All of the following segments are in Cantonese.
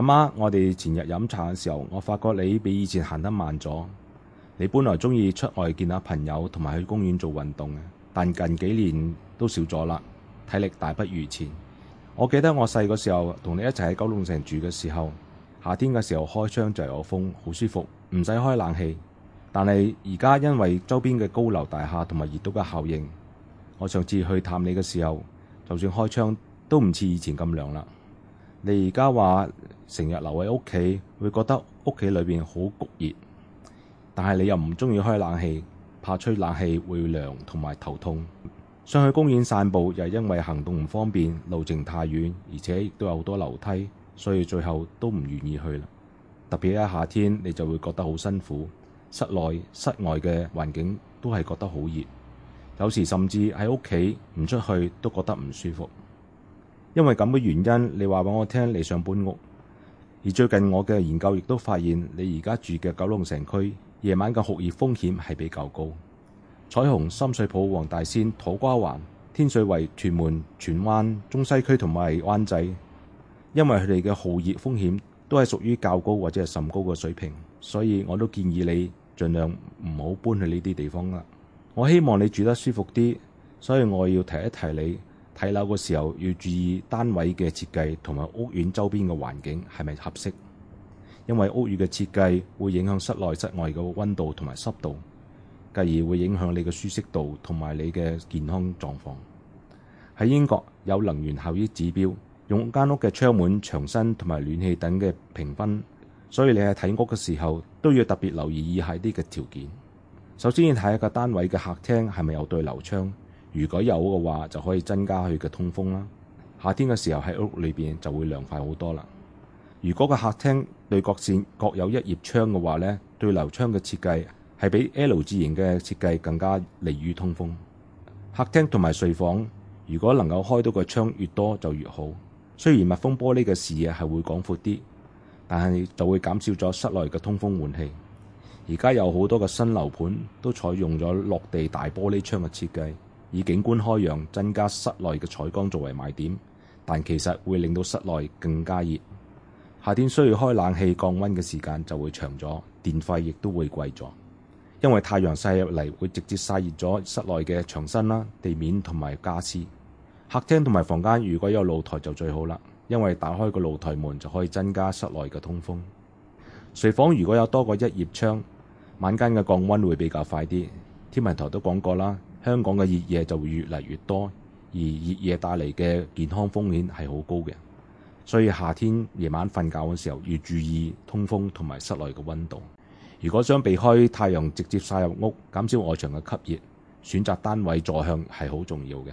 阿媽，我哋前日飲茶嘅時候，我發覺你比以前行得慢咗。你本來鍾意出外見下朋友，同埋去公園做運動嘅，但近幾年都少咗啦，體力大不如前。我記得我細個時候同你一齊喺九龍城住嘅時候，夏天嘅時候開窗就有風，好舒服，唔使開冷氣。但係而家因為周邊嘅高樓大廈同埋熱島嘅效應，我上次去探你嘅時候，就算開窗都唔似以前咁涼啦。你而家話成日留喺屋企，會覺得屋企裏邊好焗熱，但係你又唔中意開冷氣，怕吹冷氣會涼同埋頭痛。想去公園散步，又因為行動唔方便、路程太遠，而且亦都有好多樓梯，所以最後都唔願意去啦。特別喺夏天，你就會覺得好辛苦。室內、室外嘅環境都係覺得好熱，有時甚至喺屋企唔出去都覺得唔舒服。因為咁嘅原因，你話俾我聽你想搬屋。而最近我嘅研究亦都發現，你而家住嘅九龍城區夜晚嘅酷熱風險係比較高。彩虹、深水埗、黃大仙、土瓜灣、天水圍、屯門、荃灣、中西區同埋灣仔，因為佢哋嘅酷熱風險都係屬於較高或者係甚高嘅水平，所以我都建議你盡量唔好搬去呢啲地方啦。我希望你住得舒服啲，所以我要提一提你。睇樓嘅時候要注意單位嘅設計同埋屋苑周邊嘅環境係咪合適，因為屋宇嘅設計會影響室內室外嘅温度同埋濕度，繼而會影響你嘅舒適度同埋你嘅健康狀況。喺英國有能源效益指標，用間屋嘅窗門牆身同埋暖氣等嘅評分，所以你喺睇屋嘅時候都要特別留意以下啲嘅條件。首先，要睇一個單位嘅客廳係咪有對流窗。如果有嘅話，就可以增加佢嘅通風啦。夏天嘅時候喺屋裏邊就會涼快好多啦。如果個客廳對角線各有一葉窗嘅話呢，對流窗嘅設計係比 L 字型嘅設計更加利於通風。客廳同埋睡房如果能夠開到個窗越多就越好。雖然密封玻璃嘅視野係會廣闊啲，但係就會減少咗室內嘅通風換氣。而家有好多嘅新樓盤都採用咗落地大玻璃窗嘅設計。以景觀開揚增加室內嘅採光作為賣點，但其實會令到室內更加熱。夏天需要開冷氣降温嘅時間就會長咗，電費亦都會貴咗。因為太陽曬入嚟會直接曬熱咗室內嘅牆身啦、地面同埋傢俬。客廳同埋房間如果有露台就最好啦，因為打開個露台門就可以增加室內嘅通風。睡房如果有多過一葉窗，晚間嘅降温會比較快啲。天文台都講過啦。香港嘅熱夜就會越嚟越多，而熱夜帶嚟嘅健康風險係好高嘅，所以夏天夜晚瞓覺嘅時候要注意通風同埋室內嘅温度。如果想避開太陽直接曬入屋，減少外牆嘅吸熱，選擇單位坐向係好重要嘅。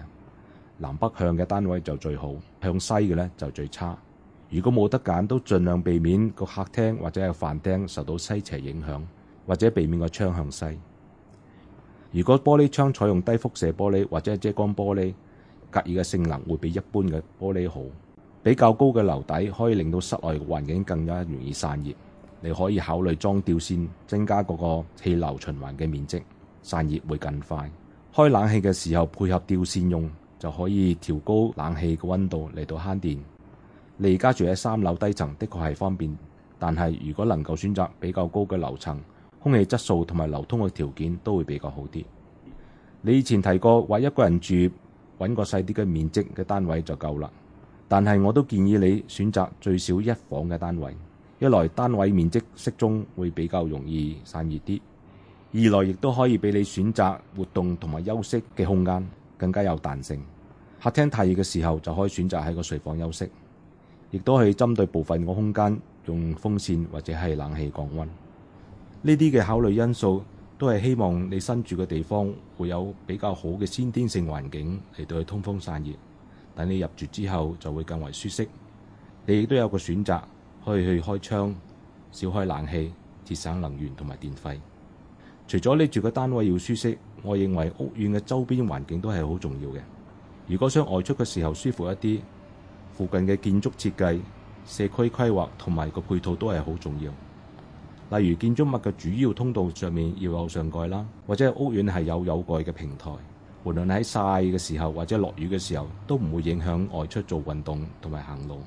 南北向嘅單位就最好，向西嘅呢就最差。如果冇得揀，都盡量避免個客廳或者係飯廳受到西斜影響，或者避免個窗向西。如果玻璃窗採用低輻射玻璃或者遮光玻璃，隔熱嘅性能會比一般嘅玻璃好。比較高嘅樓底可以令到室內環境更加容易散熱，你可以考慮裝吊扇，增加嗰個氣流循環嘅面積，散熱會更快。開冷氣嘅時候配合吊扇用，就可以調高冷氣嘅温度嚟到慳電，你而家住喺三樓低層的確係方便，但係如果能夠選擇比較高嘅樓層，空氣質素同埋流通嘅條件都會比較好啲。你以前提過話一個人住，搵個細啲嘅面積嘅單位就夠啦，但係我都建議你選擇最少一房嘅單位。一來單位面積適中會比較容易散熱啲，二來亦都可以俾你選擇活動同埋休息嘅空間，更加有彈性。客廳太熱嘅時候就可以選擇喺個睡房休息，亦都可以針對部分嘅空間用風扇或者係冷氣降溫。呢啲嘅考慮因素都係希望你新住嘅地方會有比較好嘅先天性環境嚟對佢通風散熱，等你入住之後就會更為舒適。你亦都有個選擇可以去開窗，少開冷氣，節省能源同埋電費。除咗你住嘅單位要舒適，我認為屋苑嘅周邊環境都係好重要嘅。如果想外出嘅時候舒服一啲，附近嘅建築設計、社區規劃同埋個配套都係好重要。例如建築物嘅主要通道上面要有上蓋啦，或者屋苑係有有蓋嘅平台。無論喺曬嘅時候或者落雨嘅時候，都唔會影響外出做運動同埋行路。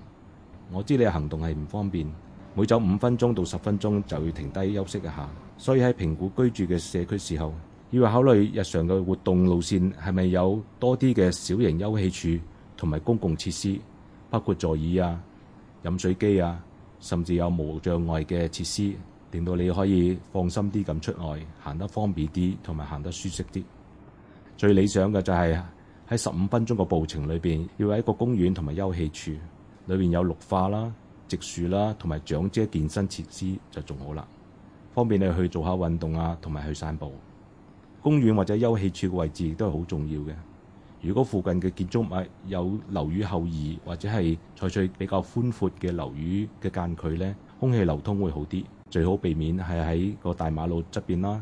我知你嘅行動係唔方便，每走五分鐘到十分鐘就要停低休息一下。所以喺評估居住嘅社區時候，要考慮日常嘅活動路線係咪有多啲嘅小型休憩處同埋公共設施，包括座椅啊、飲水機啊，甚至有無障礙嘅設施。令到你可以放心啲咁出外行得方便啲，同埋行得舒適啲。最理想嘅就係喺十五分鐘嘅步程裏邊要喺一個公園同埋休憩處裏邊有綠化啦、植樹啦，同埋長者健身設施就仲好啦，方便你去做下運動啊，同埋去散步。公園或者休憩處嘅位置亦都係好重要嘅。如果附近嘅建築物有樓宇後移，或者係採取比較寬闊嘅樓宇嘅間距咧，空氣流通會好啲。最好避免係喺個大馬路側邊啦。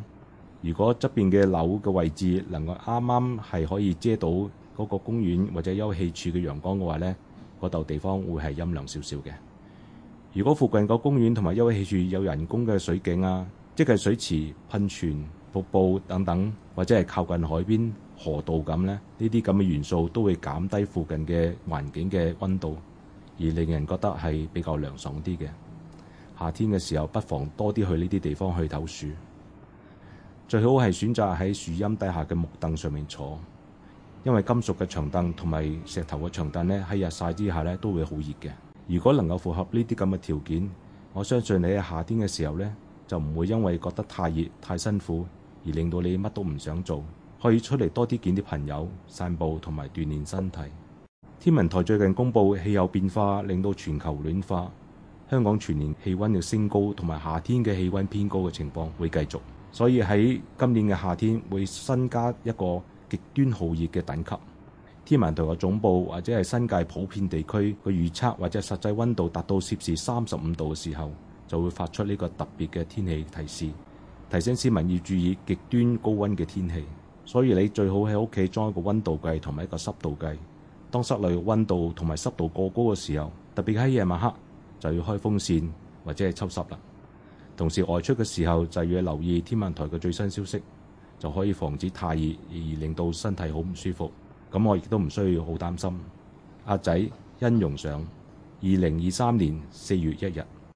如果側邊嘅樓嘅位置能夠啱啱係可以遮到嗰個公園或者休憩處嘅陽光嘅話，呢嗰度地方會係陰涼少少嘅。如果附近個公園同埋休憩處有人工嘅水景啊，即係水池、噴泉、瀑布等等，或者係靠近海邊、河道咁咧，呢啲咁嘅元素都會減低附近嘅環境嘅温度，而令人覺得係比較涼爽啲嘅。夏天嘅時候，不妨多啲去呢啲地方去唞暑。最好係選擇喺樹蔭底下嘅木凳上面坐，因為金屬嘅長凳同埋石頭嘅長凳呢，喺日曬之下呢都會好熱嘅。如果能夠符合呢啲咁嘅條件，我相信你喺夏天嘅時候呢，就唔會因為覺得太熱太辛苦而令到你乜都唔想做，可以出嚟多啲見啲朋友、散步同埋鍛鍊身體。天文台最近公布氣候變化令到全球暖化。香港全年氣溫嘅升高，同埋夏天嘅氣溫偏高嘅情況會繼續，所以喺今年嘅夏天會增加一個極端酷熱嘅等級。天文台嘅總部或者係新界普遍地區嘅預測或者實際溫度達到攝氏三十五度嘅時候，就會發出呢個特別嘅天氣提示，提醒市民要注意極端高溫嘅天氣，所以你最好喺屋企裝一個溫度計同埋一個濕度計，當室內溫度同埋濕度過高嘅時候，特別喺夜晚黑。就要開風扇或者係抽濕啦。同時外出嘅時候就要留意天文台嘅最新消息，就可以防止太熱而令到身體好唔舒服。咁我亦都唔需要好擔心。阿仔恩融上，二零二三年四月一日。